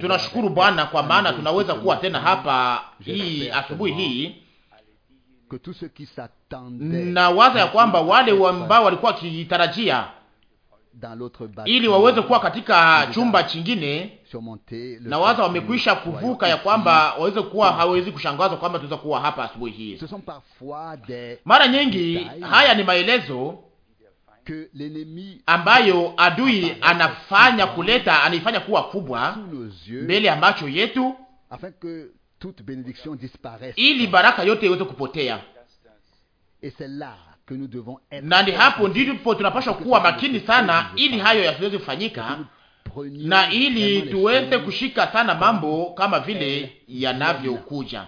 Tunashukuru Bwana kwa maana tunaweza kuwa tena hapa hii asubuhi hii na waza ya kwamba wale ambao walikuwa wakitarajia ili waweze kuwa katika chumba chingine, na waza wamekwisha kuvuka ya kwamba waweze kuwa, hawezi kushangazwa kwamba tunaweza kuwa hapa asubuhi hii. Mara nyingi haya ni maelezo ambayo adui anafanya kuleta, anaifanya kuwa kubwa mbele ya macho yetu, ili baraka yote iweze kupotea. Na ni hapo ndipo tunapaswa kuwa makini sana, ili hayo yasiweze kufanyika na ili tuweze kushika sana mambo kama vile yanavyokuja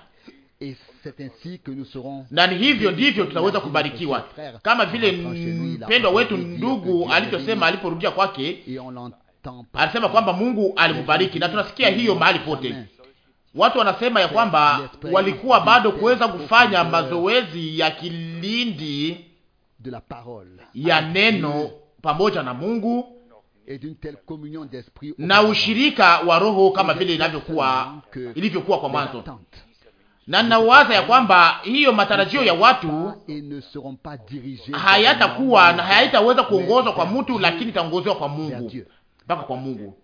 na ni hivyo ndivyo tunaweza kubarikiwa, kama vile mpendwa wetu ndugu alivyosema aliporudia kwake, alisema kwamba Mungu alimubariki na tunasikia hiyo mahali pote. Watu wanasema ya kwamba walikuwa bado kuweza kufanya mazoezi ya kilindi ya neno pamoja na Mungu na ushirika wa Roho kama vile inavyokuwa ilivyokuwa kwa mwanzo na nawaza ya kwamba hiyo matarajio ya watu hayatakuwa na hayaitaweza kuongozwa kwa mtu, lakini itaongozewa kwa Mungu mpaka kwa Mungu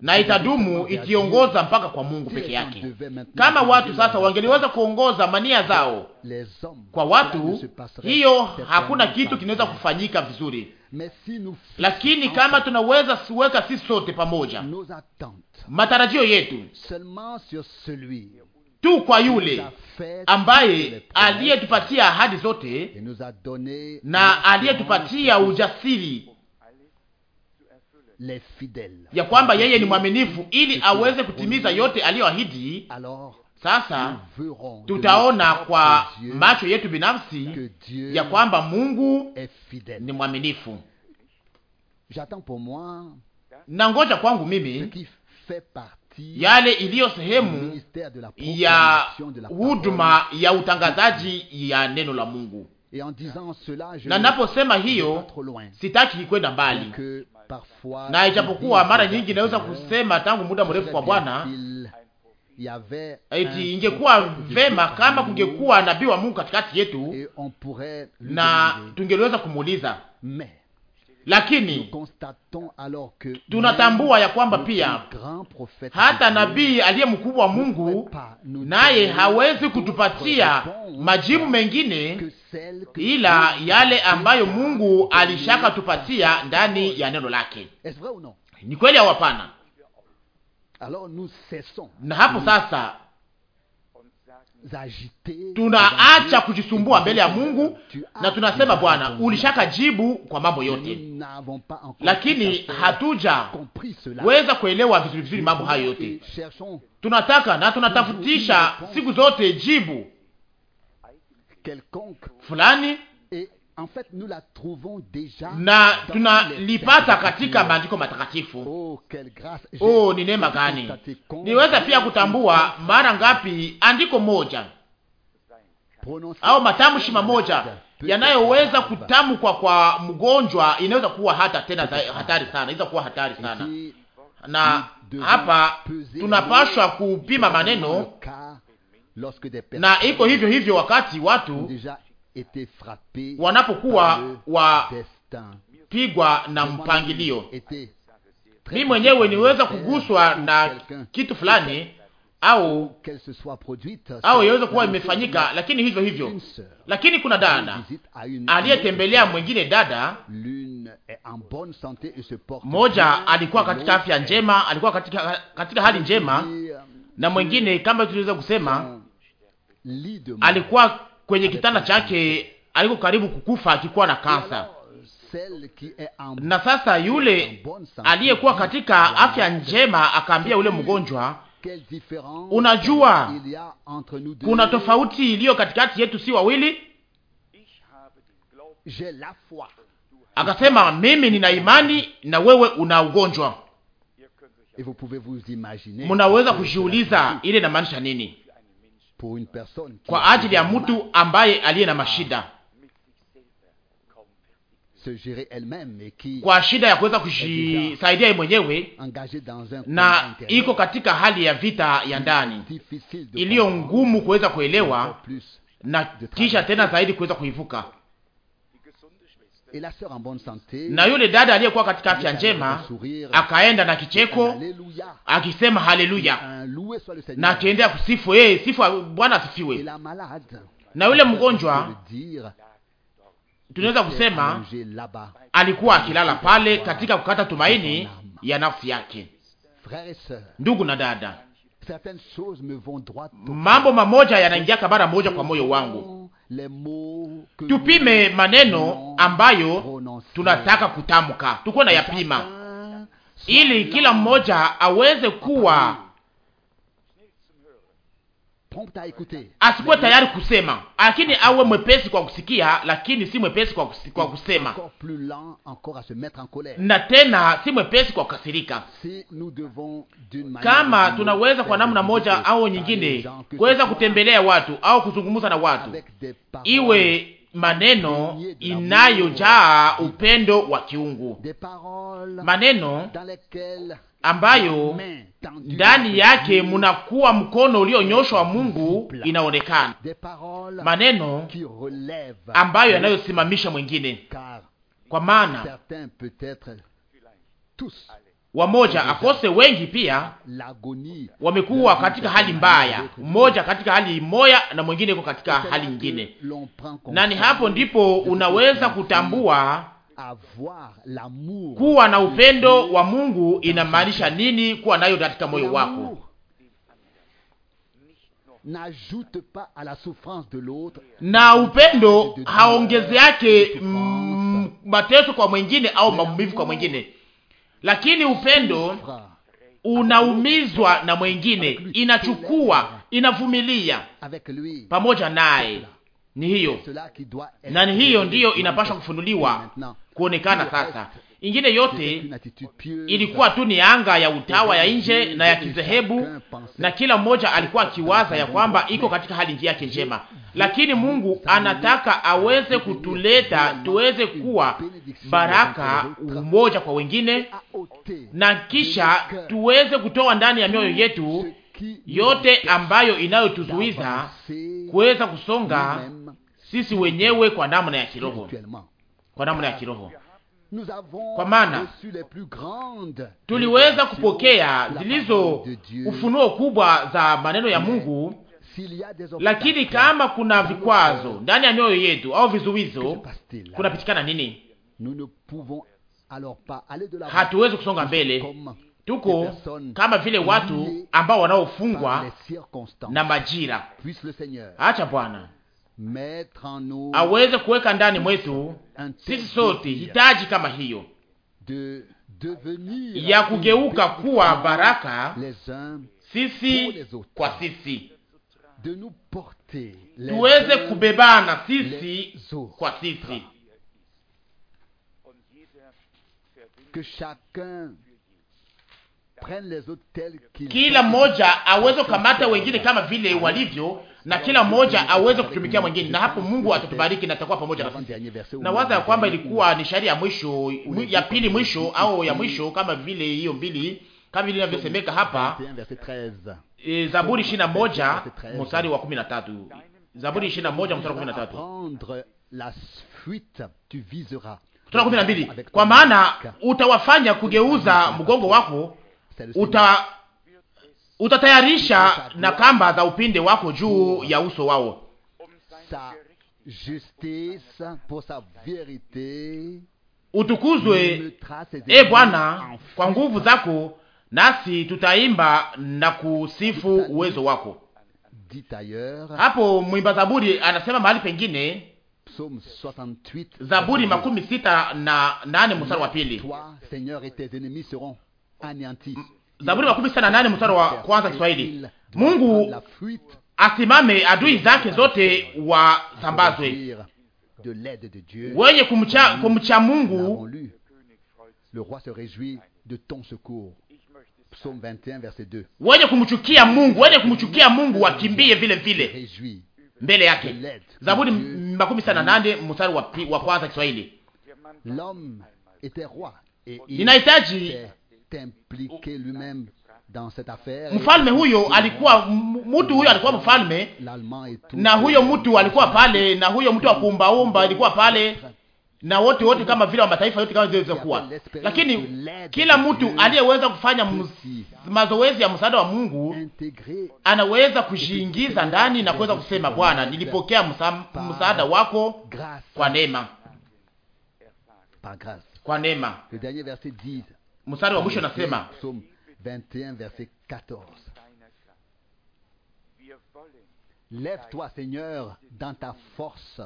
na itadumu ikiongoza mpaka kwa Mungu peke yake. Kama watu sasa wangeliweza kuongoza mania zao kwa watu, hiyo hakuna kitu kinaweza kufanyika vizuri, lakini kama tunaweza siweka sisi sote pamoja matarajio yetu tu kwa yule ambaye aliyetupatia ahadi zote na aliyetupatia ujasiri ya kwamba yeye ni mwaminifu ili aweze kutimiza yote aliyoahidi. Sasa tutaona kwa macho yetu binafsi ya kwamba Mungu ni mwaminifu. Na ngoja kwangu mimi yale iliyo sehemu ya huduma ya utangazaji ya neno la Mungu. Na naposema hiyo, sitaki kwenda mbali, na ijapokuwa mara nyingi naweza kusema tangu muda mrefu kwa Bwana, eti ingekuwa vema kama kungekuwa nabii wa Mungu katikati yetu na tungeliweza kumuuliza lakini tunatambua ya kwamba pia hata nabii aliye mkubwa wa Mungu naye hawezi kutupatia majibu mengine ila yale ambayo Mungu alishaka tupatia ndani ya neno lake. Ni kweli au hapana? Na hapo sasa tunaacha kujisumbua mbele ya Mungu na tunasema, Bwana, ulishaka jibu kwa mambo yote, lakini hatujaweza kuelewa vizuri vizuri mambo hayo yote. Tunataka na tunatafutisha siku zote jibu fulani na tunalipata katika maandiko matakatifu. Oh, oh ni neema gani! Niweza pia kutambua mara ngapi andiko moja au matamshi mamoja yanayoweza kutamkwa kwa mgonjwa inaweza kuwa hata tena hatari sana, inaweza kuwa hatari sana. Na hapa tunapashwa kupima maneno, na iko hivyo hivyo wakati watu wanapokuwa wapigwa na mpangilio. Mimi mwenyewe niweza kuguswa na kitu fulani au au yaweza kuwa imefanyika, lakini hivyo hivyo. Lakini kuna dada aliyetembelea mwingine dada moja, alikuwa katika afya njema, alikuwa katika, katika hali njema, na mwengine kama tuliweza kusema alikuwa kwenye kitanda chake, aliko karibu kukufa akikuwa na kansa. Eh, na sasa yule aliyekuwa katika afya njema akaambia ule mgonjwa, unajua kuna tofauti iliyo katikati yetu, si wawili? Akasema, mimi nina imani na wewe una ugonjwa. Munaweza kujiuliza ile inamaanisha nini? kwa ajili ya mtu ambaye aliye na mashida kwa shida ya kuweza kujisaidia yeye mwenyewe na iko katika hali ya vita ya ndani iliyo ngumu kuweza kuelewa na kisha tena zaidi kuweza kuivuka na yule dada aliyekuwa katika afya njema akaenda na kicheko akisema haleluya, na akiendea kusifu yeye, sifu Bwana asifiwe. Na yule mgonjwa tunaweza kusema alikuwa akilala pale katika kukata tumaini ya nafsi yake. Ndugu na dada, mambo mamoja yanaingiaka kabara moja kwa moyo wangu tupime maneno ambayo tunataka kutamka, tukuwe na yapima, ili kila mmoja aweze kuwa asikuwe tayari kusema, lakini awe mwepesi kwa kusikia, lakini si mwepesi kwa, kusema, na tena si mwepesi kwa kukasirika. Kama tunaweza kwa namna moja au nyingine kuweza kutembelea watu au kuzungumza na watu, iwe maneno inayojaa upendo wa kiungu, maneno ambayo ndani yake munakuwa mkono ulionyoshwa wa Mungu inaonekana, maneno ambayo yanayosimamisha mwingine, kwa maana wamoja akose wengi pia wamekuwa katika hali mbaya, mmoja katika hali moya na mwingine iko katika hali nyingine, na ni hapo ndipo unaweza kutambua kuwa na upendo wa Mungu inamaanisha nini? Kuwa nayo katika moyo wako na upendo haongeze yake mm, mateso kwa mwengine au maumivu kwa mwengine, lakini upendo unaumizwa na mwengine, inachukua inavumilia pamoja naye. Ni hiyo na ni hiyo ndiyo inapaswa kufunuliwa kuonekana sasa. Ingine yote ilikuwa tu ni anga ya utawa ya nje na ya kizehebu, na kila mmoja alikuwa akiwaza ya kwamba iko katika hali njia yake njema, lakini Mungu anataka aweze kutuleta tuweze kuwa baraka umoja kwa wengine, na kisha tuweze kutoa ndani ya mioyo yetu yote ambayo inayotuzuiza kuweza kusonga sisi wenyewe kwa namna ya kiroho kwa namna ya kiroho, kwa maana tuliweza kupokea zilizo ufunuo kubwa za maneno ya Mungu. Lakini kama kuna vikwazo ndani ya mioyo yetu au vizuizo, kunapitikana nini? Hatuwezi kusonga mbele, tuko kama vile watu ambao wanaofungwa na majira. Acha Bwana aweze kuweka ndani mwetu sisi sote hitaji kama hiyo ya kugeuka kuwa baraka sisi kwa sisi, tuweze kubebana sisi kwa sisi kila mmoja aweze kukamata wengine kama vile walivyo, na kila mmoja aweze kutumikia mwingine, na hapo Mungu atatubariki na atakuwa pamoja na sisi. Na waza ya kwamba ilikuwa ni shairi ya mwisho ya pili mwisho au ya mwisho, kama vile hiyo mbili, kama vile inavyosemeka hapa e, Zaburi 21 mstari wa 13, Zaburi 21 mstari wa 13 la fuite tu viseras. Kwa maana utawafanya kugeuza mgongo wako uta utatayarisha na kamba za upinde wako juu ya uso wao utukuzwe e Bwana kwa nguvu zako, nasi tutaimba na kusifu uwezo wako. Hapo mwimba Zaburi anasema mahali pengine, Zaburi makumi sita na nane mstari wa pili Zaburi makumi sita na nane mstari wa kwanza Kiswahili, Mungu asimame, adui zake zote wasambazwe. Wenye kumcha, kumcha Mungu wenye kumchukia Mungu, wenye kumchukia Mungu wakimbie vile vile mbele yake. Zaburi makumi sita nane mstari wa kwanza Kiswahili. Ninahitaji impliqué oh, lui-même dans cette affaire. Mfalme huyo alikuwa mtu huyo alikuwa mfalme, na huyo mtu alikuwa pale, na huyo mtu wa kuumbaumba alikuwa pale, na wote wote kama vile wa mataifa yote kama vile kuwa, lakini kila mtu aliyeweza kufanya mazoezi ya msaada wa Mungu anaweza kujiingiza ndani na kuweza kusema, Bwana, nilipokea msaada wako kwa neema, kwa neema mstari wa mwisho nasema 21 Lève-toi, Seigneur, dans ta force.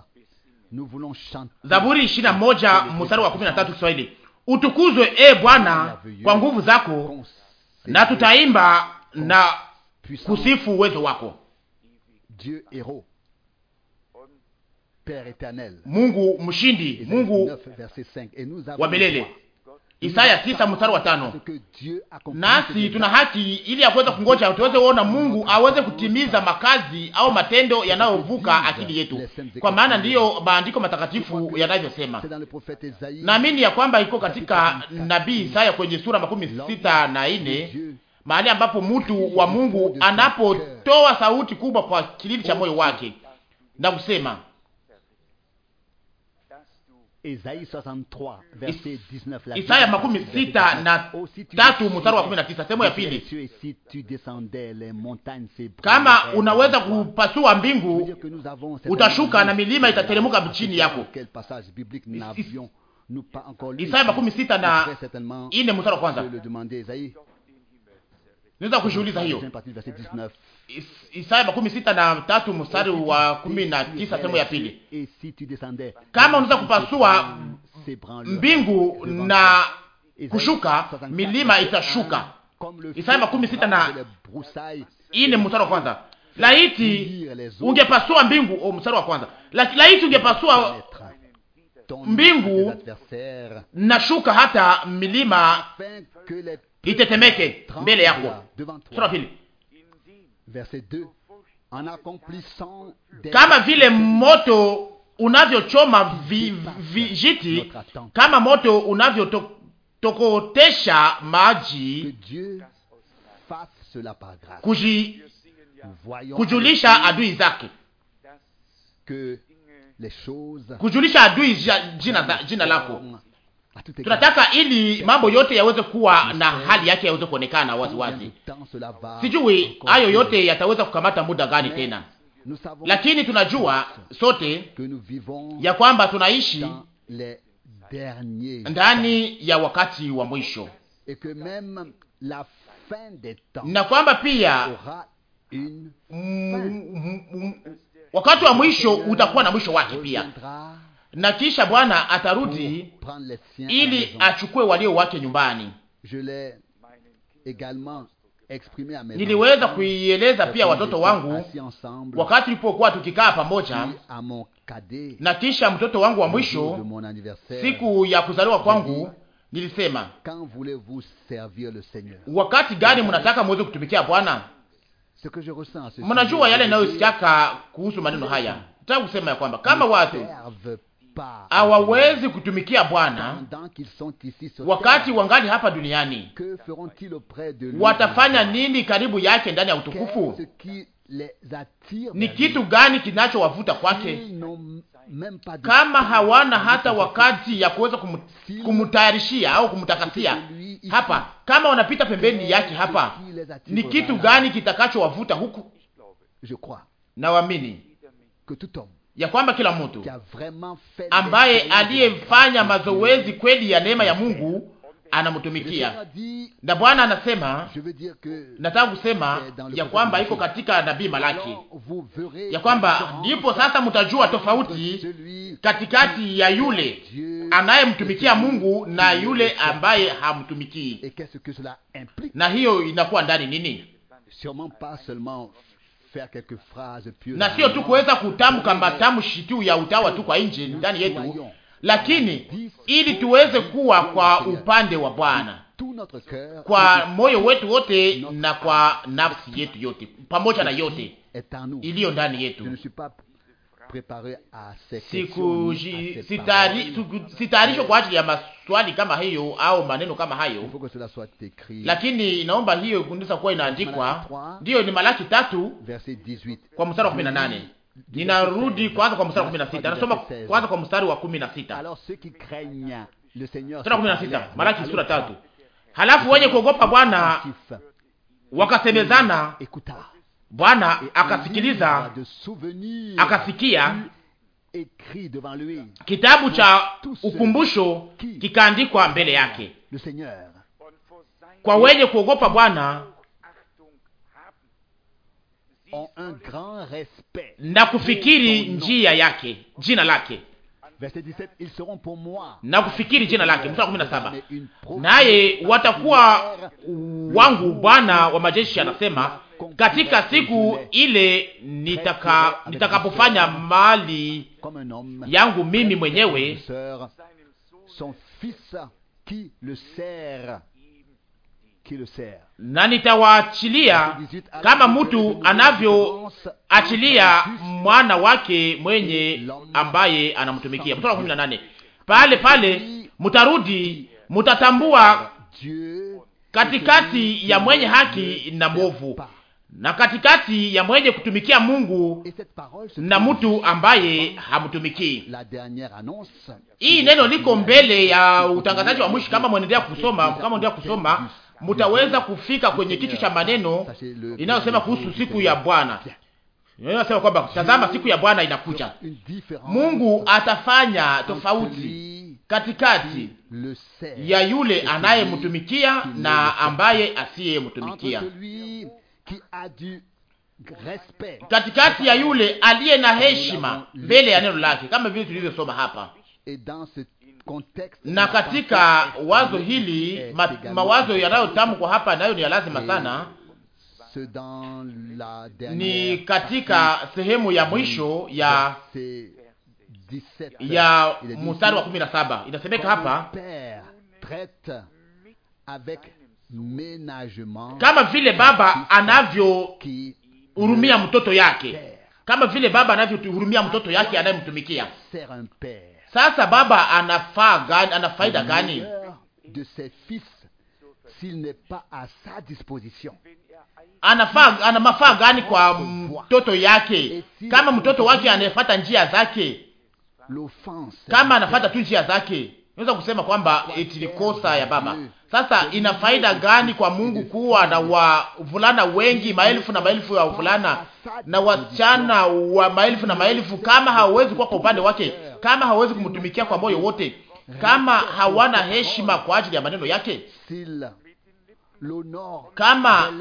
Nous voulons chanter. Zaburi ishirini na moja mstari wa kumi na tatu Kiswahili, utukuzwe e Bwana kwa nguvu zako, na tutaimba na kusifu uwezo wako. Dieu héros Père éternel, Mungu mshindi, Mungu wa milele. Isaya tisa mstari wa tano. Nasi tuna haki ili ya kuweza kungoja tuweze kuona Mungu aweze kutimiza makazi au matendo yanayovuka akili yetu, kwa maana ndiyo maandiko matakatifu yanavyosema. Naamini ya kwamba iko katika nabii Isaya kwenye sura makumi sita na nne mahali ambapo mtu wa Mungu anapotoa sauti kubwa kwa kilili cha moyo wake na kusema Isaya makumi sita na oh, tatu mstari wa kumi na tisa sehemu ya pili, kama unaweza kupasua mbingu utashuka na milima itateremuka chini yako. Isaya makumi sita na ine mstari wa kwanza. Naweza kushughuliza hiyo Isaya makumi sita na tatu mstari wa kumi na tisa sehemu ya pili. Kama unaweza kupasua mbingu na kushuka, milima itashuka. Isaya makumi sita na ine mstari wa kwanza. Laiti ungepasua mbingu, oh, mstari wa kwanza. Laiti ungepasua mbingu na shuka hata milima itetemeke mbele yako sura des kama vile moto unavyochoma vijiti kama moto unavyotokotesha to, maji kuji, kujulisha adui zake kujulisha adui jina, jina lako tunataka ili mambo yote yaweze kuwa na hali yake, yaweze kuonekana waziwazi. Sijui hayo yote yataweza kukamata muda gani tena, lakini tunajua sote ya kwamba tunaishi ndani ya wakati wa mwisho na kwamba pia wakati wa mwisho utakuwa na mwisho wake pia na kisha Bwana atarudi ili achukue walio wake nyumbani. Niliweza kuieleza pia watoto wangu wakati tulipokuwa tukikaa pamoja, na kisha mtoto wangu wa mwisho, siku ya kuzaliwa kwangu, nilisema wakati gani mnataka muweze kutumikia Bwana? Mnajua yale inayosikiaka kuhusu maneno haya, nataka kusema ya kwamba kama watu hawawezi kutumikia Bwana wakati wangali hapa duniani. Watafanya nini karibu yake ndani ya utukufu? Ni kitu gani kinachowavuta kwake kama hawana hata wakati ya kuweza kumtayarishia au kumtakasia hapa? Kama wanapita pembeni yake hapa, ni kitu gani kitakachowavuta huku? Nawaamini ya kwamba kila mtu ambaye aliyefanya mazoezi kweli ya neema ya Mungu anamtumikia. Na Bwana anasema, nataka kusema ya kwamba iko katika nabii Malaki ya kwamba ndipo sasa mtajua tofauti katikati ya yule anayemtumikia Mungu na yule ambaye hamtumikii. Na hiyo inakuwa ndani nini? na sio tu kuweza kutamka matamshi tu ya utawa tu kwa nje ndani yetu, lakini ili tuweze kuwa kwa upande wa Bwana kwa moyo wetu wote na kwa nafsi yetu yote pamoja na yote iliyo ndani yetu sitayarishwe kwa ajili ya maswali kama hiyo au maneno kama hayo, lakini inaomba hiyo kundisa kuwa inaandikwa. Ndiyo, ni Malaki tatu kwa mstari wa kumi na nane. Ninarudi kwanza kwa mstari wa kumi na sita. Nasoma kwanza kwa mstari wa kumi na sita. Malaki sura tatu. Halafu wenye kuogopa Bwana wakasemezana Bwana akasikiliza, akasikia. Kitabu cha ukumbusho kikaandikwa mbele yake kwa wenye kuogopa Bwana na kufikiri njia yake, jina lake ils seront pour moi, na kufikiri jina lake. Mstari kumi na saba, naye watakuwa wangu, Bwana wa majeshi anasema, katika siku ile nitaka nitakapofanya mali yangu mimi mwenyewe na nitawaachilia kama mtu anavyoachilia mwana wake mwenye ambaye anamtumikia. Mstari wa kumi na nane pale pale mutarudi, mutatambua katikati ya mwenye haki na mwovu na katikati ya mwenye kutumikia Mungu na mtu ambaye hamtumikii. Hii neno liko mbele ya utangazaji wa mwisho, kama mwendelea kusoma, kama mwendelea kusoma mutaweza kufika kwenye kichwa cha maneno inayosema kuhusu siku ya Bwana. Nasema kwamba tazama, siku ya Bwana inakuja. Mungu atafanya tofauti katikati ya yule anayemtumikia na ambaye asiyemtumikia, katikati ya yule aliye na heshima mbele ya neno lake, kama vile tulivyosoma hapa na katika wazo hili eh, ma, mawazo yanayotamkwa hapa nayo ni ya lazima eh, sana ni katika sehemu ya mwisho ya ya mstari wa kumi na saba inasemeka hapa kama vile baba anavyohurumia mtoto yake, kama vile baba anavyohurumia mtoto yake anayemtumikia. Sasa baba anafaa gani, ana faida gani anafaa ana mafaa gani kwa mtoto yake, kama mtoto wake anayefuata njia zake, kama anafuata tu njia zake, naweza kusema kwamba eti kosa ya baba. Sasa ina faida gani kwa Mungu kuwa na wavulana wengi, maelfu na maelfu ya wavulana na wasichana wa maelfu na maelfu, kama hawawezi kuwa kwa upande wake? kama hawezi kumtumikia kwa moyo wote, kama hawana heshima kwa ajili ya maneno yake, kama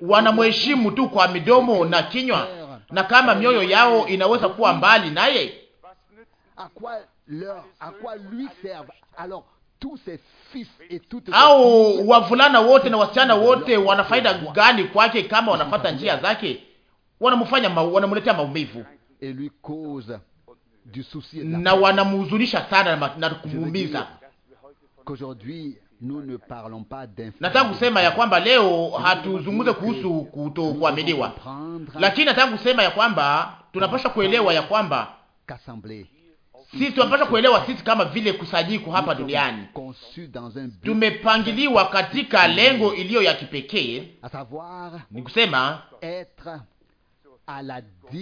wanamheshimu tu kwa midomo na kinywa, na kama mioyo yao inaweza kuwa mbali naye, au wavulana wote na wasichana wote wana faida gani kwake kama wanafata njia zake? Wanamfanya, wanamletea maumivu na wanamhuzunisha sana na kumuumiza. Nataka kusema ya kwamba leo hatuzungumze kuhusu kutokuaminiwa, lakini nataka kusema ya kwamba tunapasha kuelewa ya kwamba sisi tunapasha kuelewa sisi kama vile kusanyiko hapa duniani tumepangiliwa katika lengo iliyo ya kipekee, ni kusema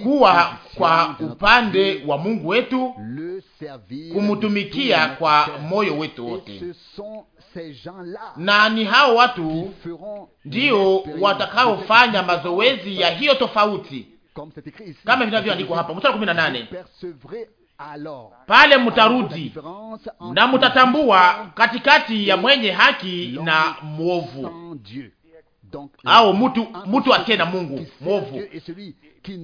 kuwa kwa upande wa Mungu wetu, kumutumikia kwa moyo wetu wote, na ni hao watu ndio watakaofanya mazoezi ya hiyo tofauti, kama vinavyoandikwa hapa mstari kumi na nane pale mutarudi na mutatambua katikati ya mwenye haki na mwovu au euh, mtu mtu asiye na Mungu mwovu,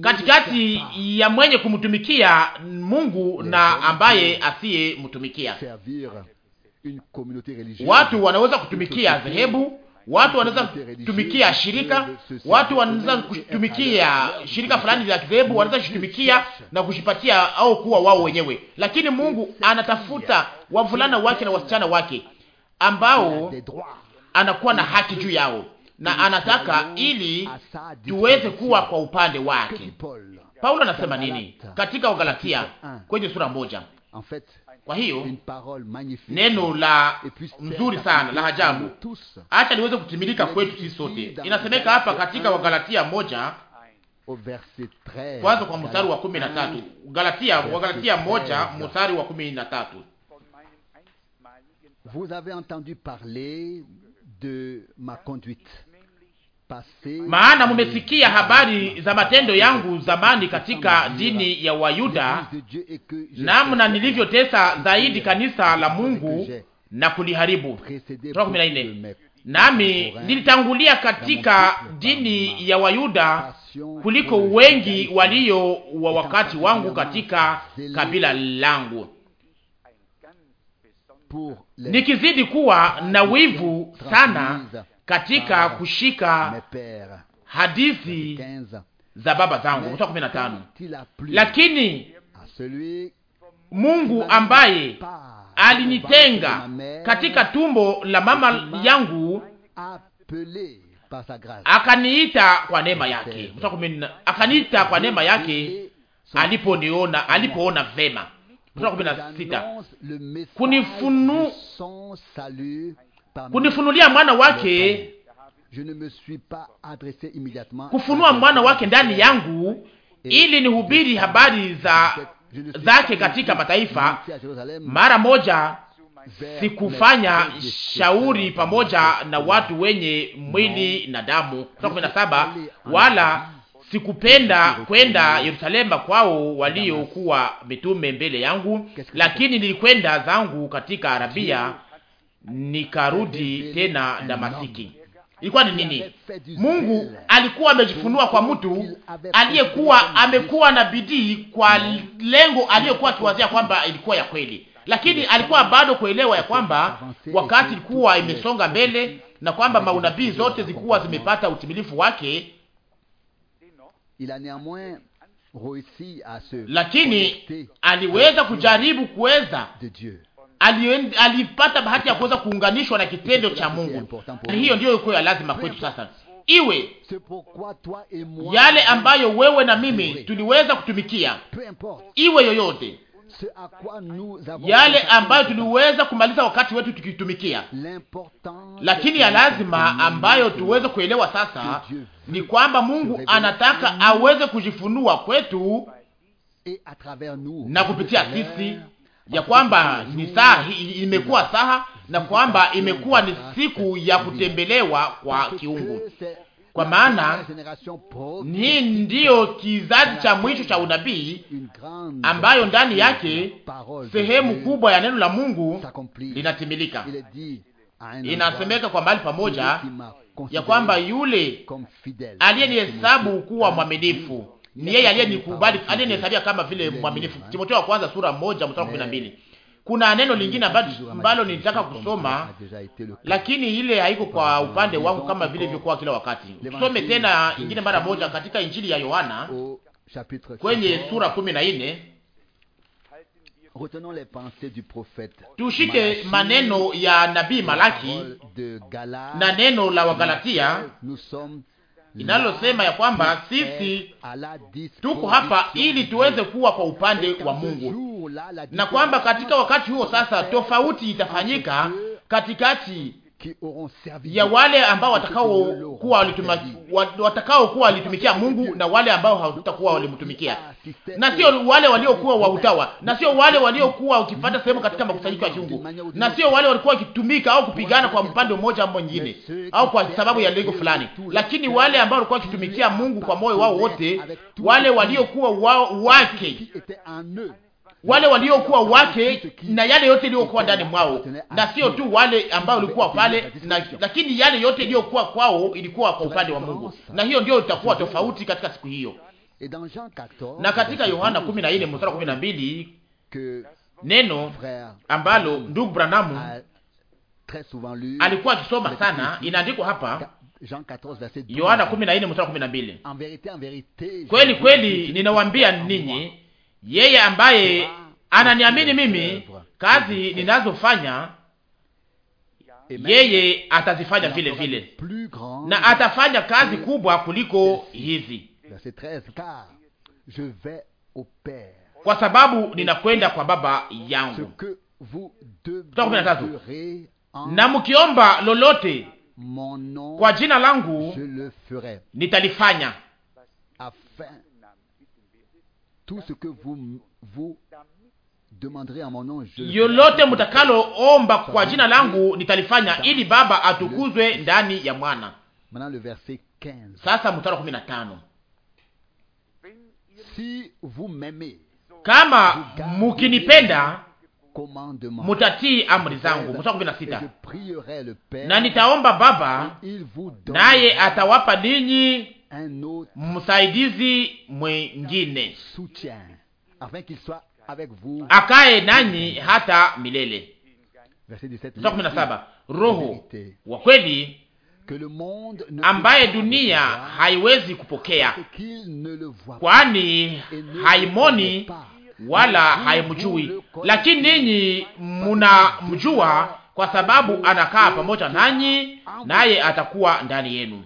katikati ya mwenye kumtumikia Mungu na ambaye mtumikia. Watu wanaweza kutumikia dhehebu, watu wanaweza kutumikia shirika, watu wanaweza kutumikia shirika fulani la kidhehebu, wanaweza kutumikia na kujipatia au kuwa wao wenyewe, lakini Mungu anatafuta wavulana wake na wasichana wake ambao anakuwa na haki juu yao na anataka ili tuweze kuwa kwa upande wake. Paulo anasema nini katika Wagalatia ah. kwenye sura moja? Kwa hiyo neno la mzuri sana la ajabu, acha liweze kutimilika kwetu sisi sote. Inasemeka hapa katika Wagalatia moja kwanza kwa mstari wa kumi na ah. tatu Galatia, Wagalatia moja mstari wa kumi na tatu Vous avez entendu parler de ma conduite maana mumesikia habari za matendo yangu zamani katika dini ya Wayuda, namna nilivyotesa zaidi kanisa la Mungu na kuliharibu. Nami nilitangulia katika dini ya Wayuda kuliko wengi walio wa wakati wangu katika kabila langu, nikizidi kuwa na wivu sana katika kushika hadithi za baba zangu. kumi na tano. Lakini ah, Mungu ambaye alinitenga katika tumbo la mama yangu akaniita kwa neema yake, akaniita kwa neema yake aliponiona, alipoona vema. kumi na sita kunifunu kunifunulia mwana wake, kufunua mwana wake ndani yangu, ili nihubiri habari za zake katika mataifa. Mara moja sikufanya shauri pamoja na watu wenye mwili na damu. kumi na saba wala sikupenda kwenda Yerusalema kwao waliokuwa mitume mbele yangu, lakini nilikwenda zangu katika Arabia nikarudi tena Damasiki. Ilikuwa ni nini? Mungu alikuwa amejifunua kwa mtu aliyekuwa amekuwa na bidii kwa hmm. lengo aliyokuwa akiwazia kwamba ilikuwa ya kweli, lakini alikuwa bado kuelewa ya kwamba wakati ilikuwa imesonga mbele na kwamba maunabii zote zilikuwa zimepata utimilifu wake, lakini aliweza kujaribu kuweza alipata bahati ya kuweza kuunganishwa na kitendo cha Mungu. Hiyo ndiyo iko ya lazima kwetu sasa, iwe yale ambayo wewe na mimi tuliweza kutumikia, iwe yoyote yale ambayo tuliweza kumaliza wakati wetu tukitumikia, lakini ya lazima ambayo tuweze kuelewa sasa ni kwamba Mungu anataka aweze kujifunua kwetu na kupitia sisi ya kwamba ni saa imekuwa saha na kwamba imekuwa ni siku ya kutembelewa kwa kiungu, kwa maana ni ndiyo kizazi cha mwisho cha unabii ambayo ndani yake sehemu kubwa ya neno la Mungu linatimilika. Inasemeka kwa mahali pamoja ya kwamba yule aliyenihesabu kuwa mwaminifu ni yeye aliyenikubali aliyenisabia kama vile mwaminifu. Timotheo wa kwanza sura moja mstari kumi na mbili. Kuna neno lingine ambalo nilitaka kusoma, lakini ile haiko kwa upande wangu kama vile ilivyokuwa kila wakati. Tusome tena ingine mara moja katika Injili ya Yohana kwenye sura kumi na nne. Tushike maneno ya nabii Malaki na neno la Wagalatia Mm. inalosema ya kwamba sisi tuko hapa ili tuweze kuwa kwa upande wa Mungu, na kwamba katika wakati huo sasa tofauti itafanyika katikati ya wale ambao watakaokuwa watakao walitumikia Mungu na wale ambao hawatakuwa walimtumikia, na sio wale waliokuwa wa utawa, na sio wale waliokuwa wakipata sehemu katika makusanyiko ya kiungu, na sio wale walikuwa wakitumika au kupigana kwa mpande mmoja au mwingine, au kwa sababu ya lengo fulani, lakini wale ambao walikuwa wakitumikia Mungu kwa moyo wao wote, wale waliokuwa wao wake wale waliokuwa wake na yale yote iliyokuwa ndani mwao, na sio tu wale ambao walikuwa pale na, lakini yale yote iliyokuwa kwao ilikuwa kwa upande wa Mungu, na hiyo ndio itakuwa tofauti katika siku hiyo. Na katika Yohana 14 mstari 12 neno ambalo ndugu Branamu alikuwa akisoma sana, inaandikwa hapa Yohana 14 mstari 12. Kweli kweli ninawambia ninyi yeye ambaye ananiamini mimi, kazi ninazofanya yeye atazifanya vile vile, na atafanya kazi kubwa kuliko hizi, kwa sababu ninakwenda kwa Baba yangu. Na mkiomba lolote kwa jina langu nitalifanya tout ce que vous, vous demanderez à mon nom, je yolote omba kwa jina langu nitalifanya, ili Baba atukuzwe ndani ya Mwana. Maintenant le verset 15. Sasa mstari wa 15. Si vous m'aimez, kama mukinipenda mutatii amri zangu. Mstari wa sita Na nitaomba Baba naye atawapa ninyi msaidizi mwengine akaye nanyi hata milele. Roho wa kweli ambaye dunia haiwezi kupokea, kwani haimoni wala haimjui, lakini ninyi munamjua, kwa sababu anakaa pamoja nanyi, naye atakuwa ndani yenu.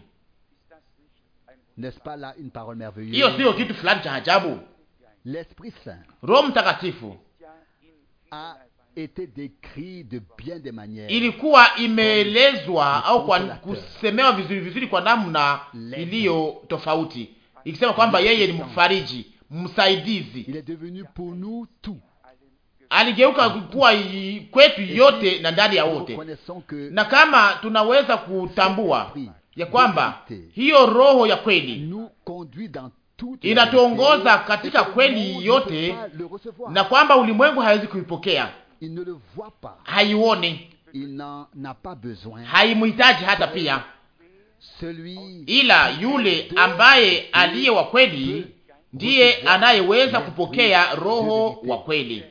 N'est-ce pas là une parole merveilleuse? Hiyo sio kitu fulani cha ajabu. L'Esprit Saint Roho Mtakatifu a été décrit de bien des manières, Il imeelezwa au kwa kusemewa vizuri vizuri kwa namna iliyo tofauti, ikisema kwamba yeye ni mfariji, msaidizi. Il est devenu pour nous tout aligeuka kuwa kwetu yote na ndani ya wote, na kama tunaweza kutambua ya kwamba hiyo roho ya kweli inatuongoza katika kweli yote, na kwamba ulimwengu hawezi kuipokea, haione, haimhitaji hata pia, ila yule ambaye aliye wa kweli ndiye anayeweza kupokea roho wa kweli.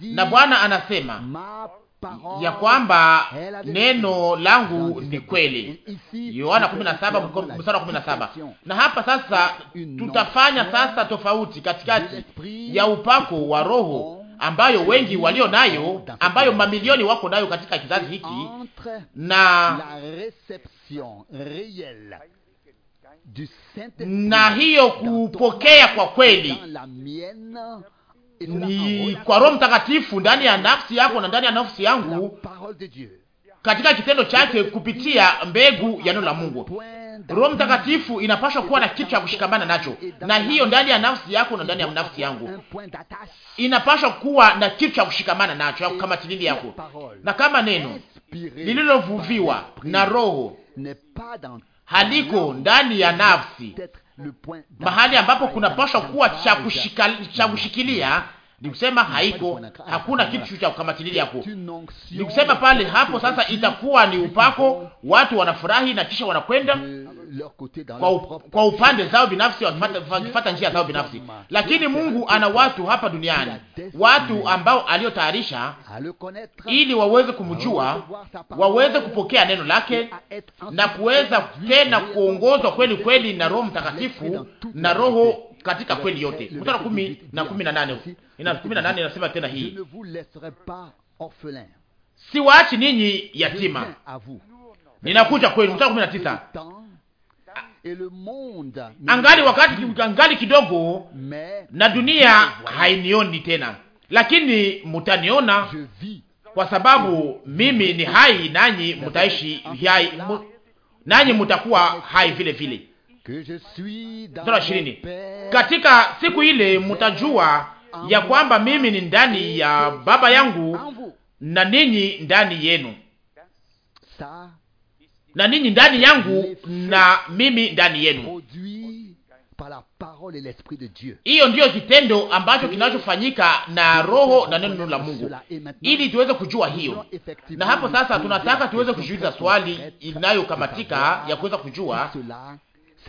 Na Bwana anasema ya kwamba neno langu ni kweli. Yohana 17 mstari wa 17. Na hapa sasa tutafanya sasa tofauti katikati ya upako wa Roho ambayo wengi walio nayo, ambayo mamilioni wako nayo katika kizazi hiki na na hiyo kupokea kwa kweli ni kwa Roho Mtakatifu ndani ya nafsi yako na ndani ya nafsi yangu katika kitendo chake kupitia mbegu ya neno la Mungu. Roho Mtakatifu inapaswa kuwa na kitu cha kushikamana nacho, na hiyo ndani ya nafsi yako na ndani ya nafsi yangu inapaswa kuwa na kitu cha kushikamana nacho kama tilili yako, na kama neno lililovuviwa na Roho haliko ndani ya nafsi mahali ambapo kunapashwa kuwa cha kushikilia ni kusema haiko, hakuna kitu cha kukamatilia hapo. Ni kusema pale hapo sasa itakuwa ni upako, watu wanafurahi na kisha wanakwenda kwa, kwa upande zao binafsi wakifata njia zao binafsi, lakini Mungu ana watu hapa duniani, watu ambao aliyotayarisha ili waweze kumjua, waweze kupokea neno lake na kuweza tena kuongozwa kweli kweli na Roho Mtakatifu na Roho katika kweli yote. Kutoka kumi na kumi na nane ina kumi na nane inasema tena hii, siwaachi ninyi yatima, ninakuja kwenu. Kutoka kumi na tisa angali wakati angali kidogo, na dunia hainioni tena, lakini mutaniona kwa sababu mimi ni hai, nanyi mutaishi hai, nanyi mutakuwa hai vile vile. Katika siku ile mutajua ya kwamba mimi ni ndani ya Baba yangu na ninyi ndani yenu na ninyi ndani yangu na mimi ndani yenu. Hiyo ndiyo kitendo ambacho kinachofanyika na Roho na neno la Mungu, ili tuweze kujua hiyo. Na hapo sasa, tunataka tuweze kujiuliza swali inayokamatika ya kuweza kujua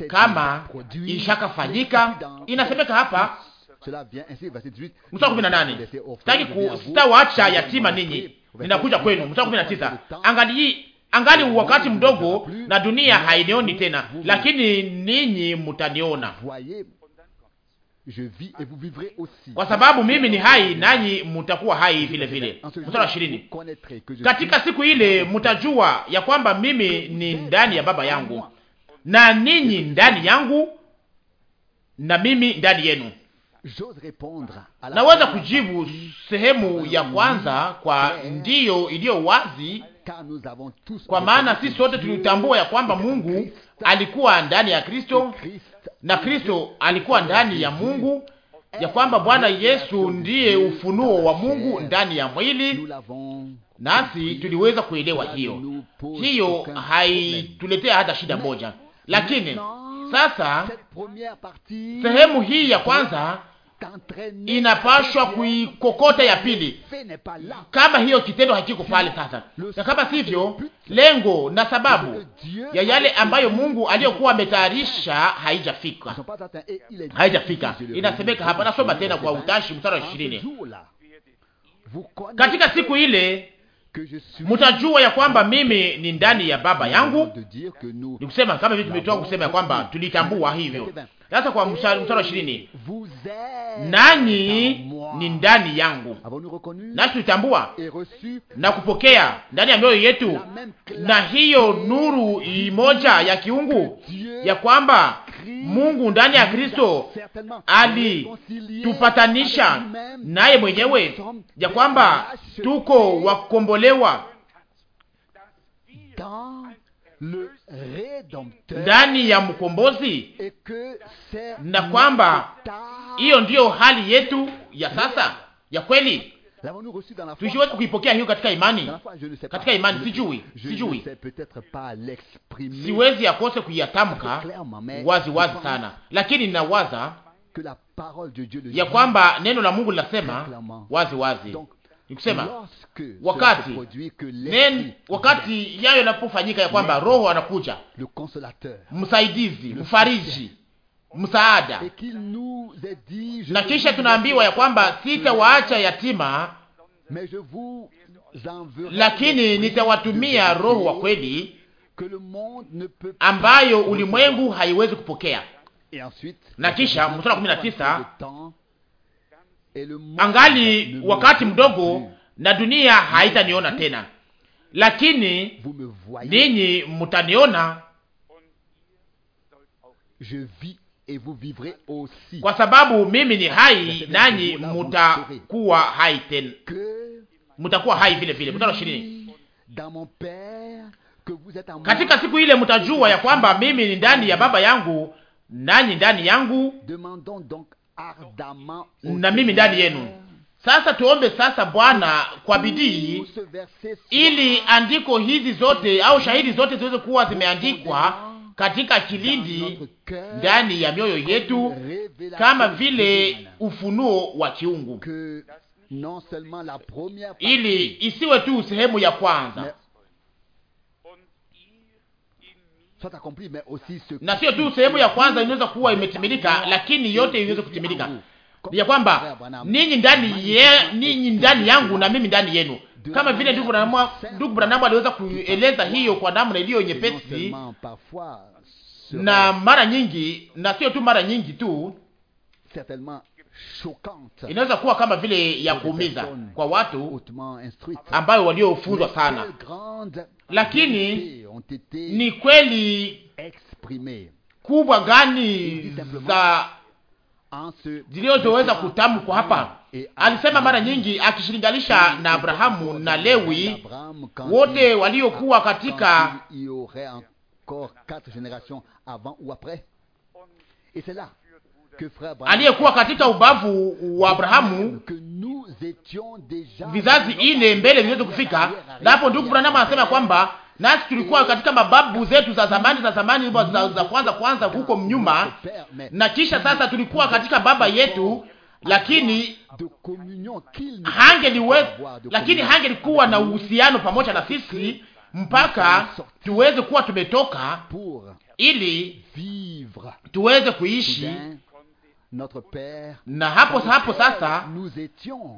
kama ishakafanyika. Inasemeka hapa mstari kumi na nane sitaki yatima ninyi, ninakuja kwenu. Mstari kumi na tisa angalii angali wakati mdogo na dunia hainioni tena, lakini ninyi mutaniona kwa sababu mimi ni hai nanyi mutakuwa hai vile vile. Mstari wa ishirini, katika siku ile mutajua ya kwamba mimi ni ndani ya Baba yangu na ninyi ndani yangu na mimi ndani yenu. Naweza kujibu sehemu ya kwanza kwa ndiyo iliyo wazi kwa maana sisi sote tulitambua ya kwamba Mungu alikuwa ndani ya Kristo na Kristo alikuwa ndani ya Mungu, ya kwamba Bwana Yesu ndiye ufunuo wa Mungu ndani ya mwili, nasi tuliweza kuelewa hiyo. Hiyo haituletea hata shida moja, lakini sasa sehemu hii ya kwanza inapashwa kuikokota ya pili, kama hiyo kitendo hakiko pale sasa, na kama sivyo, lengo na sababu ya yale ambayo Mungu aliyokuwa ametayarisha haijafika, haijafika. Inasemeka hapa, nasoma tena kwa utashi, mstari wa ishirini katika siku ile mutajua ya kwamba mimi ni ndani ya Baba yangu. Ni kusema kama vile tumetoka kusema ya kwamba tulitambua hivyo. Eh, Sasa kwa eh, mstari wa ishirini, nanyi ni ndani yangu, nasi tulitambua na kupokea ndani ya mioyo yetu na hiyo nuru imoja ya kiungu ya kwamba Mungu ndani ya Kristo alitupatanisha naye mwenyewe, ya kwamba tuko wakombolewa ndani ya mkombozi, na kwamba hiyo ndiyo hali yetu ya sasa ya kweli tuishi kuipokea hiyo katika imani, katika imani. Sijui, sijui, siwezi akose kuiatamka wazi wazi sana, lakini ninawaza ya kwamba neno la Mungu linasema wazi wazi nikusema wakati nen, wakati yayo inapofanyika ya kwamba Roho anakuja msaidizi, mfariji msaada, na kisha tunaambiwa ya kwamba sitawaacha yatima, lakini nitawatumia roho wa kweli ambayo ulimwengu haiwezi kupokea. Na kisha mstari kumi na tisa angali wakati mdogo na dunia haitaniona tena, lakini ninyi mutaniona kwa sababu mimi ni hai, nanyi mutakuwa hai tena, mutakuwa hai vile vile. Mstari ishirini, katika siku ile mutajua ya kwamba mimi ni ndani ya Baba yangu nanyi ndani yangu na mimi ndani yenu. Sasa tuombe sasa Bwana kwa bidii, ili andiko hizi zote au shahidi zote ziweze kuwa zimeandikwa katika kilindi ndani ya mioyo yetu, kama vile ufunuo wa kiungu, ili isiwe tu sehemu ya kwanza na sio tu sehemu ya kwanza inaweza kuwa imetimilika, lakini yote iweze kutimilika, ya kwamba ninyi ndani ye, ninyi ndani yangu na mimi ndani yenu kama vile ndugu Branham ndugu Branham aliweza kueleza hiyo kwa namna iliyo nyepesi na mara nyingi, na sio tu mara nyingi tu, inaweza kuwa kama vile ya kuumiza kwa watu ambayo waliofunzwa sana, lakini ni kweli kubwa gani za zilizoweza kutamkwa hapa. Alisema mara nyingi akishilinganisha na Abrahamu na Lewi, wote waliokuwa katika aliyekuwa katika ubavu wa Abrahamu vizazi ine mbele viweze kufika. Na hapo ndugu Branham anasema kwamba nasi tulikuwa katika mababu zetu za zamani za zamani, nyumba za, za kwanza kwanza huko mnyuma, na kisha sasa tulikuwa katika baba yetu, lakini hangeliwe, lakini hangelikuwa na uhusiano pamoja na sisi mpaka tuweze kuwa tumetoka, ili tuweze kuishi na hapo hapo sasa,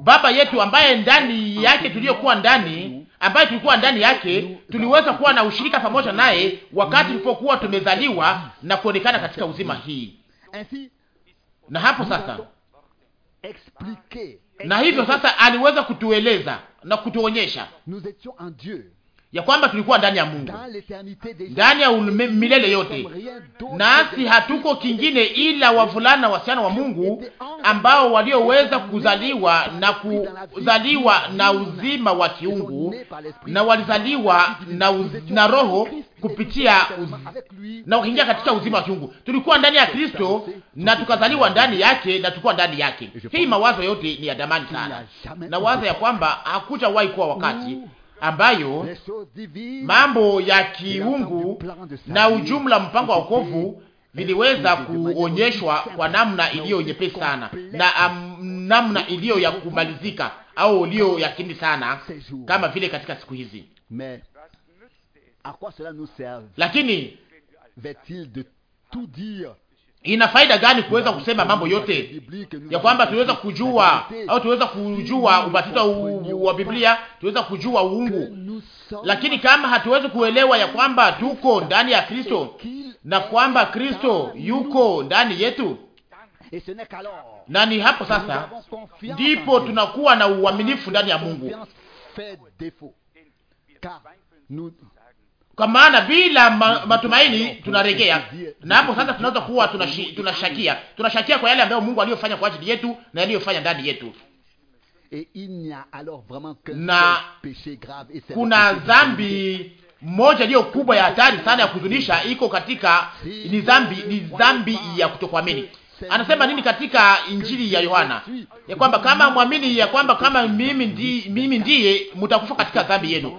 Baba yetu ambaye ndani yake tuliyokuwa ndani, ambaye tulikuwa ndani yake, tuliweza kuwa na ushirika pamoja naye wakati tulipokuwa tumezaliwa na kuonekana katika uzima hii. Na hapo sasa, na hivyo sasa, aliweza kutueleza na kutuonyesha ya kwamba tulikuwa ndani ya Mungu, ndani ya milele yote, nasi hatuko kingine ila wavulana wasichana wa Mungu ambao walioweza kuzaliwa na kuzaliwa na uzima wa kiungu na walizaliwa na, uz, na roho kupitia uz, na wakiingia katika uzima wa kiungu. Tulikuwa ndani ya Kristo na tukazaliwa ndani yake na tulikuwa ndani yake. Hii mawazo yote ni ya damani sana na waza ya kwamba hakuja wahi kuwa wakati ambayo mambo ya kiungu na ujumla mpango wa wokovu viliweza kuonyeshwa kwa namna iliyo nyepesi sana na um, namna iliyo ya kumalizika au iliyo yakini sana, kama vile katika siku hizi. Lakini Ina faida gani kuweza kusema mambo yote ya kwamba tuweza kujua au tuweza kujua ubatizo wa Biblia, tuweza kujua uungu, lakini kama hatuwezi kuelewa ya kwamba tuko ndani ya Kristo na kwamba Kristo yuko ndani yetu, eh, na ni hapo sasa ndipo tunakuwa na uaminifu ndani ya Mungu kwa maana bila ma, matumaini tunaregea, na hapo sasa tunaweza kuwa tunashakia tunashakia tunashakia kwa yale ambayo Mungu aliyofanya kwa ajili yetu na aliyofanya ndani yetu na kuna dhambi moja iliyo kubwa ya hatari sana ya kuzunisha iko katika ni dhambi, ni dhambi ya kutokuamini anasema nini katika Injili ya Yohana? Ya kwamba kama mwamini ya kwamba kama mimi ndiye, mimi ndiye mtakufa katika dhambi yenu.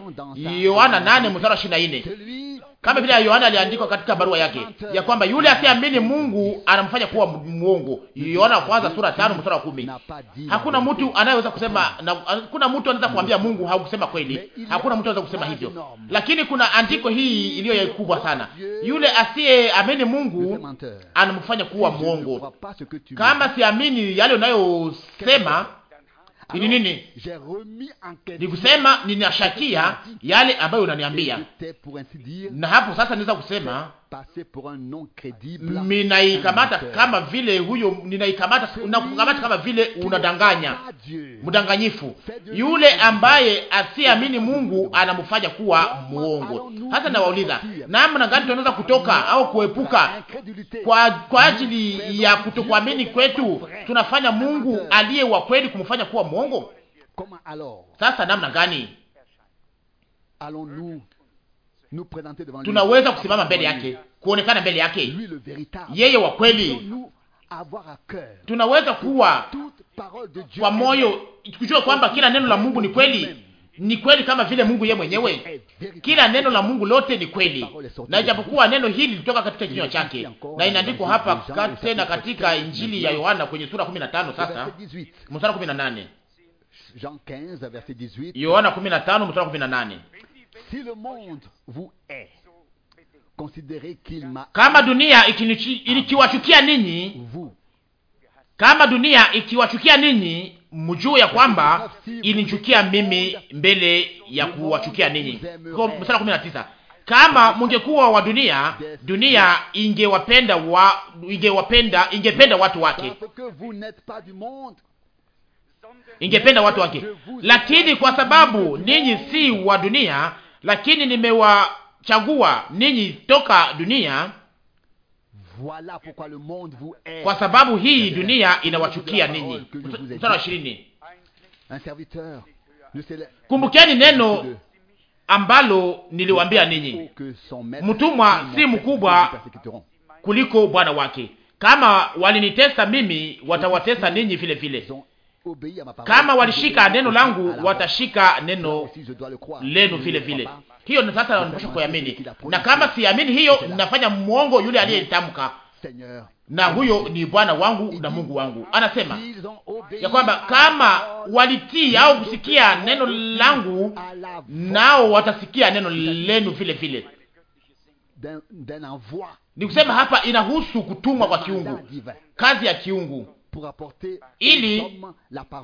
Yohana 8 mstari wa 24 kama vile Yohana aliandika katika barua yake ya kwamba yule asiamini Mungu anamfanya kuwa mwongo Yohana kwanza sura tano mstari wa kumi. Hakuna mtu anayeweza kusema na, hakuna mtu anaweza kuambia Mungu haukusema kweli. Hakuna mtu anaweza kusema hivyo, lakini kuna andiko hii iliyo kubwa sana, yule asiyeamini Mungu anamfanya kuwa mwongo Kama siamini yale unayosema ni nini? Ni kusema ninashakia yale ambayo unaniambia, na hapo sasa niweza kusema ninaikamata kama vile huyo, ninaikamata nakukamata kama vile unadanganya, mdanganyifu. Yule ambaye asiamini Mungu anamfanya kuwa muongo. sasa nawauliza namna gani tunaweza kutoka au kuepuka kwa, kwa ajili ya kutokuamini kwetu, tunafanya Mungu aliye wa kweli kumfanya kuwa muongo. Sasa namna gani tunaweza kusimama mbele yake, kuonekana mbele yake, yeye wa kweli. Tunaweza kuwa kwa moyo kujua kwamba kila neno la Mungu ni kweli, ni kweli kama vile Mungu yeye mwenyewe. Kila neno la Mungu lote ni kweli, na ijapokuwa neno hili litoka katika kinywa chake, na inaandikwa hapa tena katika Injili ya Yohana kwenye sura 15 sasa mstari 18, Yohana 15 mstari 18 si le monde vous est considéré qu'il m'a kama dunia ikiwachukia ninyi kama dunia ikiwachukia ninyi mjuu ya kwamba ilinichukia mimi mbele ya kuwachukia ninyi. msala kumi na tisa. Kama mungekuwa wa dunia, dunia ingewapenda wa, ingewapenda ingependa watu wake, ingependa watu wake. Lakini kwa sababu ninyi si wa dunia, lakini nimewachagua ninyi toka dunia, kwa sababu hii dunia inawachukia ninyi. Mstari wa ishirini, kumbukeni neno ambalo niliwaambia ninyi, mtumwa si mkubwa kuliko bwana wake. Kama walinitesa mimi, watawatesa ninyi vile vile. Kama walishika neno langu, watashika neno lenu vile vile. Hiyo na sasa wanapasha kuamini, na kama siamini hiyo, nafanya mwongo yule aliyeitamka na huyo ni Bwana wangu na Mungu wangu. Anasema ya kwamba kama walitii au kusikia neno langu, nao watasikia neno lenu vile vile. Ni kusema hapa inahusu kutumwa kwa kiungu, kazi ya kiungu ili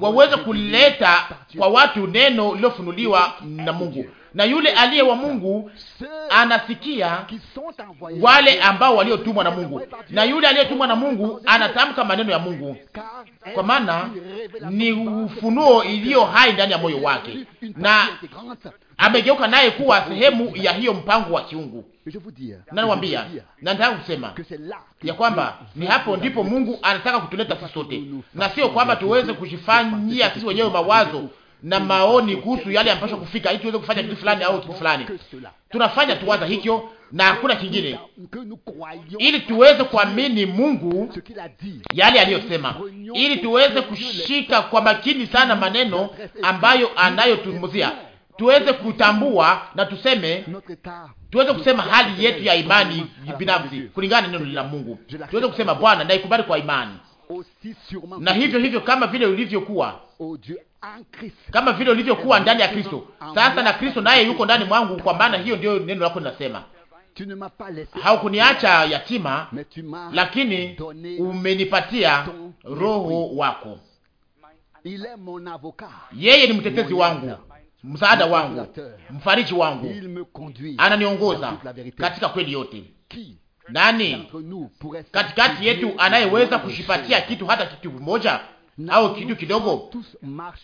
waweze kuleta kwa watu neno lilofunuliwa na Mungu na yule aliye wa Mungu anasikia wale ambao waliotumwa na Mungu, na yule aliyetumwa na Mungu anatamka maneno ya Mungu, kwa maana ni ufunuo iliyo hai ndani ya moyo wake, na amegeuka naye kuwa sehemu ya hiyo mpango wa kiungu. Nanawambia na nataka kusema ya kwamba ni hapo ndipo Mungu anataka kutuleta sisi sote, na sio kwamba tuweze kujifanyia sisi wenyewe mawazo na maoni kuhusu yale ambayo kufika ili tuweze kufanya kitu fulani au kitu fulani. Tunafanya tuwaza hikyo na hakuna kingine, ili tuweze kuamini Mungu yale aliyosema, ili tuweze kushika kwa makini sana maneno ambayo anayotumuzia, tuweze kutambua na tuseme, tuweze kusema hali yetu ya imani binafsi kulingana na neno la Mungu, tuweze kusema Bwana, naikubali kwa imani na hivyo hivyo kama vile ulivyokuwa kama vile ulivyokuwa ndani ya Kristo. Sasa na Kristo naye yuko ndani mwangu, kwa maana hiyo ndio neno lako linasema. Haukuniacha yatima, lakini umenipatia roho wako. Yeye ni mtetezi wangu, msaada wangu, mfariji wangu, ananiongoza katika kweli yote. Nani katikati yetu anayeweza kushipatia kitu hata kitu moja? au kitu kidogo.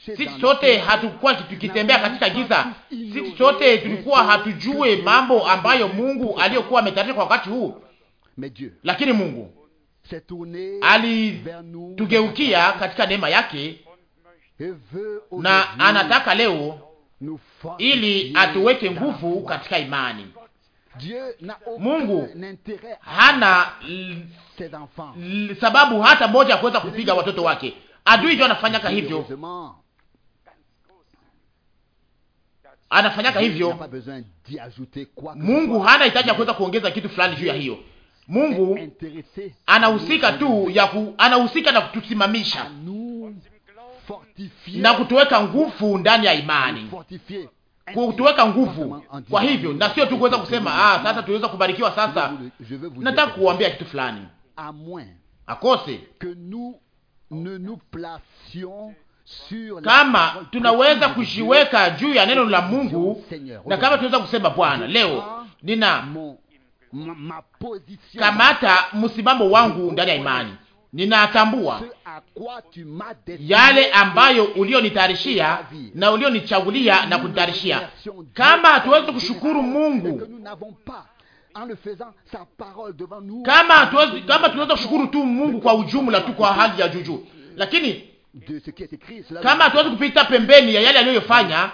Sisi sote hatukuwa tukitembea katika giza, sisi sote tulikuwa hatujue mambo ambayo Mungu aliyokuwa ametayarisha kwa wakati huu, lakini Mungu alitugeukia katika neema yake na anataka leo ili atuweke nguvu katika imani. Mungu hana sababu hata moja ya kuweza kupiga watoto wake, Adui ndio anafanyaka hivyo, anafanyaka hivyo. Mungu hana hitaji ya kuweza kuongeza kitu fulani juu ya hiyo. Mungu anahusika tu ya ku, anahusika na kutusimamisha na kutuweka nguvu ndani ya imani, kutuweka nguvu. Kwa hivyo na sio tu kuweza kusema ah, sasa tuliweza kubarikiwa. Sasa nataka kuambia kitu fulani akose kama tunaweza kujiweka juu ya neno la Mungu na kama tunaweza kusema Bwana, leo nina kamata msimamo wangu ndani ya imani, ninatambua yale ambayo uliyonitayarishia na ulionichagulia na kunitayarishia. Kama hatuwezi kushukuru Mungu kama hatuwezi, kama tunaweza kushukuru tu Mungu kwa ujumla tu kwa hali ya juju, lakini kama hatuwezi kupita pembeni ya yale aliyofanya,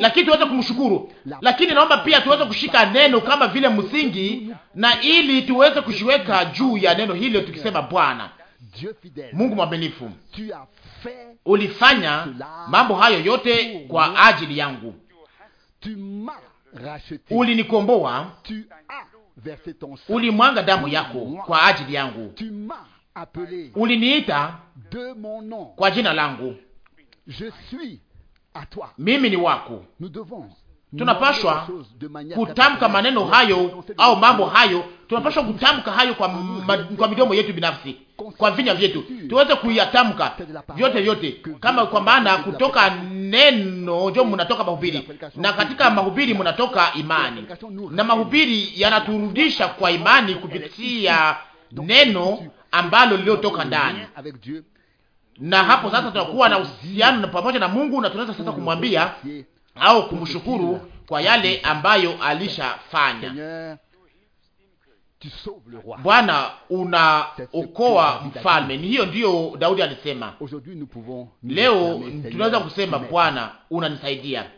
lakini tuweze kumshukuru. Lakini naomba pia tuweze kushika neno kama vile msingi, na ili tuweze kushiweka juu ya neno hilo, tukisema Bwana Mungu mwaminifu, ulifanya mambo hayo yote kwa ajili yangu ulinikomboa, ulimwanga damu yako kwa ajili yangu, uliniita kwa jina langu, mimi ni wako. Tunapashwa kutamka maneno hayo au mambo hayo, tunapashwa kutamka hayo kwa, kwa midomo yetu binafsi kwa vinywa vyetu tuweze kuyatamka vyote vyote, kama kwa maana kutoka neno njo munatoka mahubiri, na katika mahubiri munatoka imani, na mahubiri yanaturudisha kwa imani kupitia neno ambalo liliotoka ndani. Na hapo sasa tunakuwa na uhusiano pamoja na Mungu, na tunaweza sasa kumwambia au kumshukuru kwa yale ambayo alishafanya. Bwana, unaokoa mfalme. Ni hiyo ndiyo Daudi alisema. Leo tunaweza kusema Bwana unanisaidia,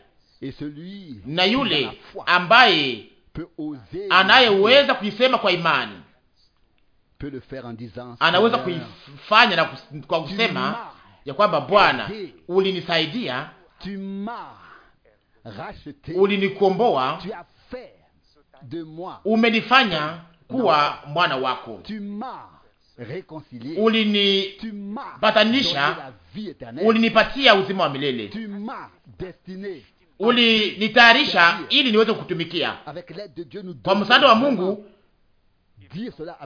na yule ambaye anayeweza kuisema kwa imani anaweza kuifanya na kus, kwa kusema ya kwamba Bwana ulinisaidia, ulinikomboa, umenifanya kuwa mwana wako, ulinipatanisha, ulinipatia uzima wa milele, ulinitayarisha ili niweze kutumikia Kwa msaada wa Mungu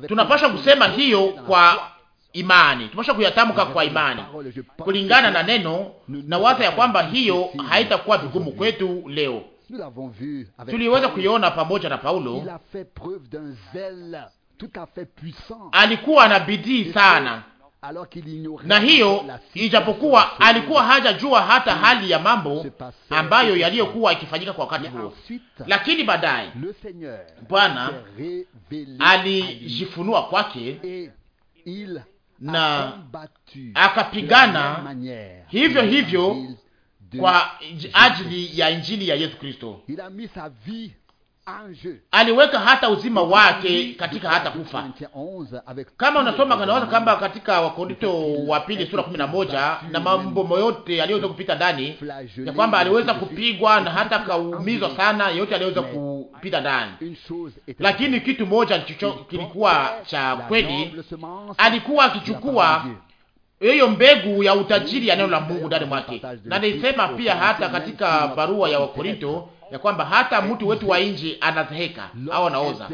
tunapasha kusema hiyo kwa imani tunapasha kuyatamka kwa imani kulingana na neno na waza ya kwamba hiyo haitakuwa vigumu kwetu leo tuliweza kuiona pamoja na Paulo. Alikuwa na bidii sana, na hiyo ijapokuwa alikuwa hajajua hata hali ya mambo ambayo yaliyokuwa ikifanyika kwa wakati huo, lakini baadaye Bwana alijifunua kwake na akapigana hivyo hivyo kwa ajili ya injili ya Yesu Kristo. Aliweka hata uzima wake katika hata kufa. Kama unasoma kanawaza kwamba katika Wakorinto wa pili sura kumi na moja na mambo yote aliyoweza kupita ndani ya kwamba aliweza kupigwa na hata kaumizwa sana, yote aliweza kupita ndani, lakini kitu moja kilikuwa cha kweli, alikuwa akichukua hiyo mbegu ya utajiri ya neno la Mungu ndani mwake. Na nilisema pia hata katika barua ya Wakorinto ya kwamba hata mtu wetu wa nje anazeheka au anaoza,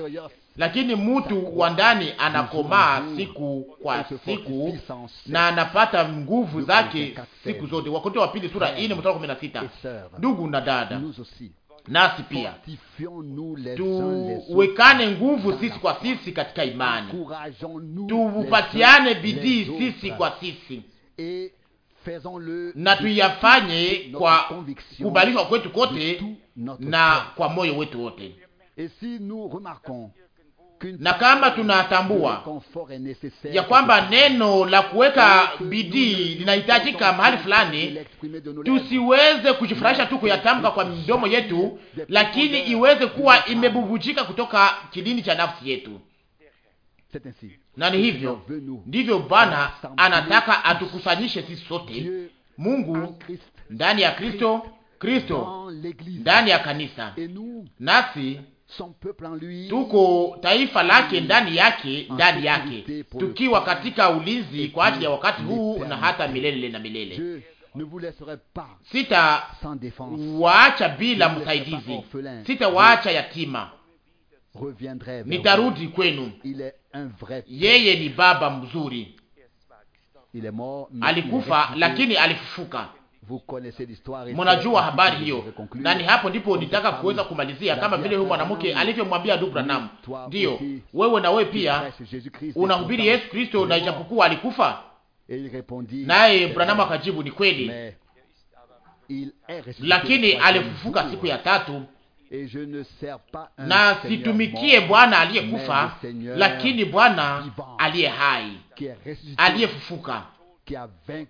lakini mtu wa ndani anakomaa siku kwa siku na anapata nguvu zake siku zote. Wakorinto wa pili sura 4 mstari 16. Ndugu na dada nasi pia tuwekane nguvu sisi kwa sisi katika imani, tuupatiane bidii sisi kwa sisi na tuyafanye kwa kubalishwa kwetu kote na kwa moyo wetu wote na kama tunatambua ya kwamba neno la kuweka bidii linahitajika mahali fulani, tusiweze kujifurahisha tu kuyatamka kwa midomo yetu, lakini iweze kuwa imebubujika kutoka kidini cha nafsi yetu. Na ni hivyo ndivyo Bwana anataka atukusanyishe sisi sote, Mungu ndani ya Kristo, Kristo ndani ya kanisa, nasi tuko taifa lake ndani yake ndani yake, tukiwa katika ulinzi kwa ajili ya wakati huu na hata milele na milele. Sita waacha bila msaidizi, sita waacha yatima, nitarudi kwenu. Yeye ni baba mzuri, alikufa lakini alifufuka mnajua habari hiyo, na ni hapo ndipo nitaka kuweza kumalizia, kama vile huyu mwanamke alivyomwambia ndugu Branham, ndiyo wewe na wewe pia unahubiri Yesu Kristo, na ijapokuwa alikufa naye. Branham akajibu ni kweli, lakini alifufuka siku ya tatu na situmikie Bwana aliyekufa, lakini Bwana aliye hai aliyefufuka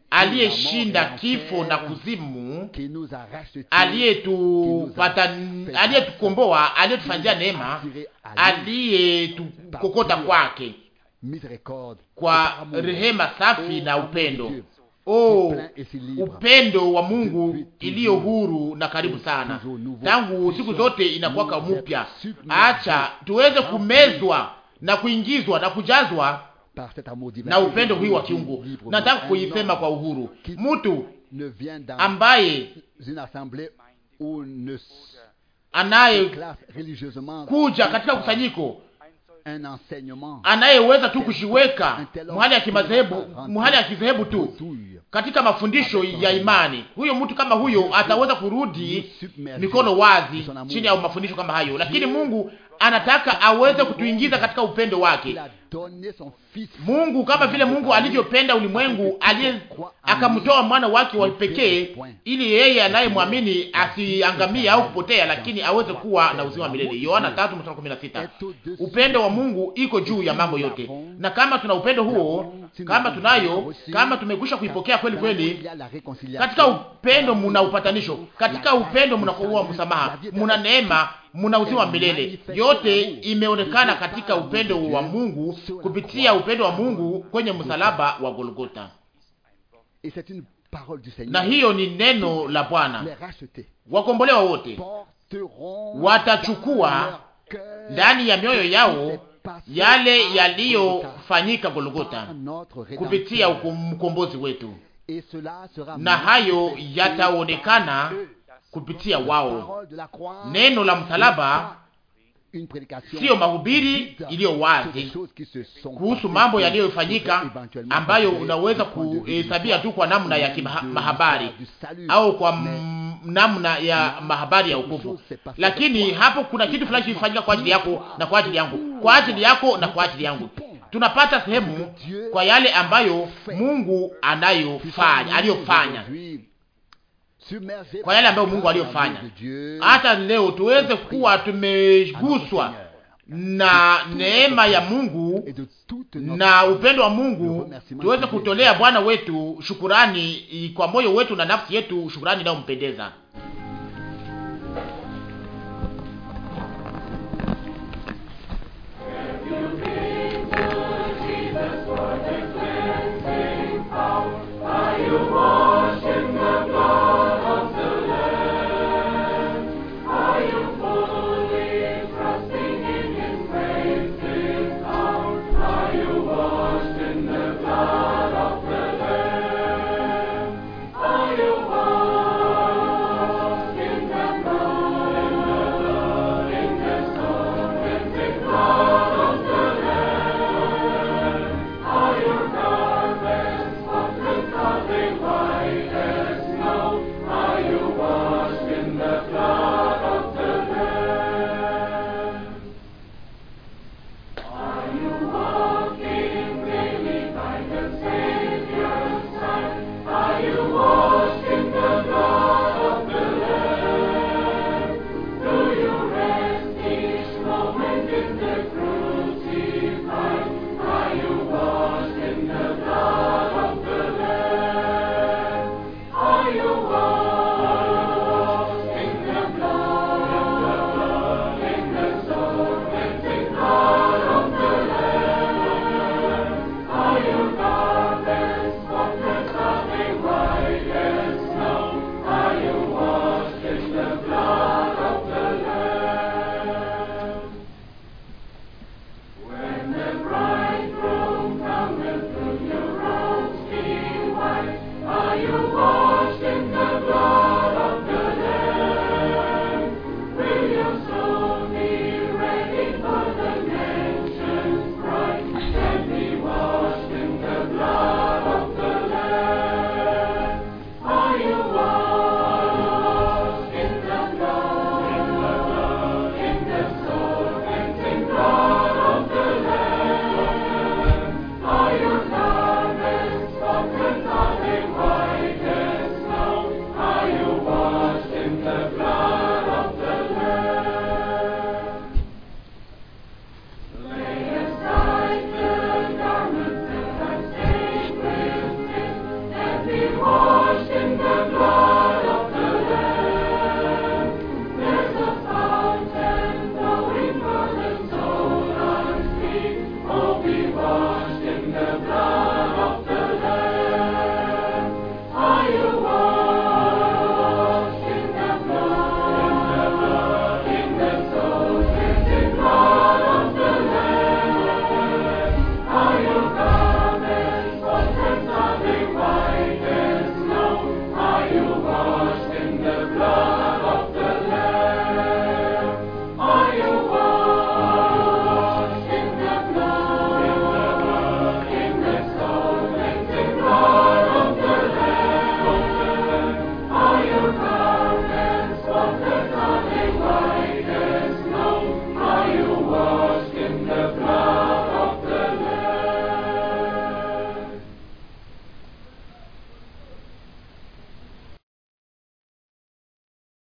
aliyeshinda kifo na kuzimu, aliyetukomboa, aliyetufanjia neema, aliyetukokota kwake kwa rehema safi na upendo Oh, upendo wa Mungu iliyo huru na karibu sana, tangu siku zote inakuwaka mupya. Acha tuweze kumezwa na kuingizwa na kujazwa na upendo huu wa kiungu. Nataka kuisema kwa uhuru, mtu ambaye anayekuja katika kusanyiko anayeweza tu kushiweka mhali ya kimadhehebu mhali ya kidhehebu tu katika mafundisho ya imani, huyo mtu kama huyo ataweza kurudi mikono wazi chini ya mafundisho kama hayo, lakini Mungu anataka aweze kutuingiza katika upendo wake Mungu. Kama vile Mungu alivyopenda ulimwengu aliye akamtoa mwana wake wa pekee, ili yeye anayemwamini asiangamie au kupotea, lakini aweze kuwa na uzima milele. Yohana 3:16. Upendo wa Mungu iko juu ya mambo yote, na kama tuna upendo huo, kama tunayo, kama tumekwisha kuipokea kweli kweli, katika upendo muna upatanisho, katika upendo mnakuwa msamaha, muna neema munauziwa milele. Yote imeonekana katika upendo wa Mungu kupitia upendo wa Mungu kwenye msalaba wa Golgotha, na hiyo ni neno la Bwana. Wakombolewa wote watachukua ndani ya mioyo yao yale yaliyofanyika Golgota kupitia mkombozi wetu, na hayo yataonekana kupitia wao. Neno la msalaba siyo mahubiri iliyo wazi kuhusu mambo yaliyofanyika ambayo unaweza kuhesabia tu kwa namna ya kimahabari au kwa namna ya mahabari ya ukufu, lakini hapo kuna kitu fulani kilifanyika kwa ajili yako na kwa ajili yangu, kwa ajili yako na kwa ajili yangu. Tunapata sehemu kwa yale ambayo Mungu anayofanya aliyofanya kwa yale ambayo Mungu aliyofanya. Hata leo tuweze kuwa tumeguswa na neema ya Mungu na upendo wa Mungu, tuweze kutolea Bwana wetu shukurani kwa moyo wetu na nafsi yetu, shukurani inayompendeza.